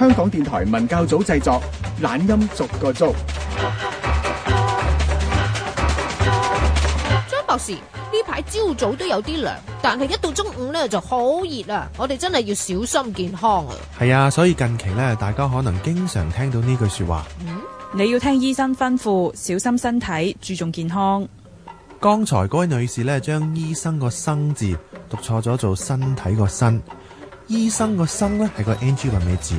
香港電台文教組製作，懶音逐個捉。張博士，呢排朝早都有啲涼，但係一到中午呢就好熱啦。我哋真係要小心健康啊！係啊，所以近期呢，大家可能經常聽到呢句說話，嗯：你要聽醫生吩咐，小心身體，注重健康。剛才嗰位女士呢，將醫生個生字讀錯咗，做身體個身。醫生，生個生呢係個 N G 韻尾字。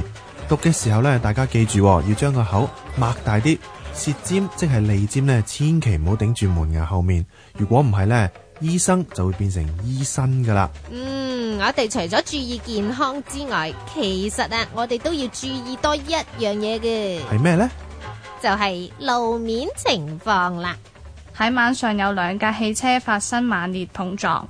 讀嘅時候呢，大家記住要將個口擘大啲，舌尖即係脷尖呢，千祈唔好頂住門牙後面。如果唔係呢，醫生就會變成醫生噶啦。嗯，我哋除咗注意健康之外，其實啊，我哋都要注意多一樣嘢嘅。係咩呢？就係路面情況啦。喺晚上有兩架汽車發生猛烈碰撞。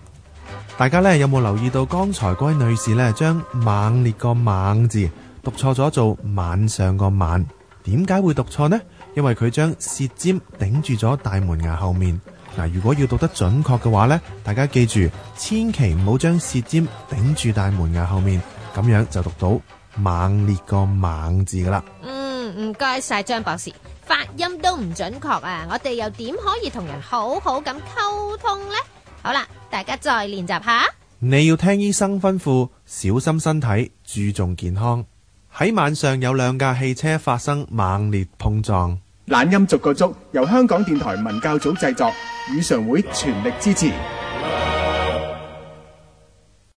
大家呢，有冇留意到剛才嗰位女士呢，將猛烈個猛字讀錯咗做晚上個晚，點解會讀錯呢？因為佢將舌尖頂住咗大門牙後面嗱。如果要讀得準確嘅話呢，大家記住，千祈唔好將舌尖頂住大門牙後面，咁樣就讀到猛烈個猛字噶啦。嗯，唔該晒張博士，發音都唔準確啊。我哋又點可以同人好好咁溝通呢？好啦，大家再練習下。你要聽醫生吩咐，小心身體，注重健康。喺晚上有兩架汽車發生猛烈碰撞。懶音逐個捉，由香港電台文教組製作，語常會全力支持。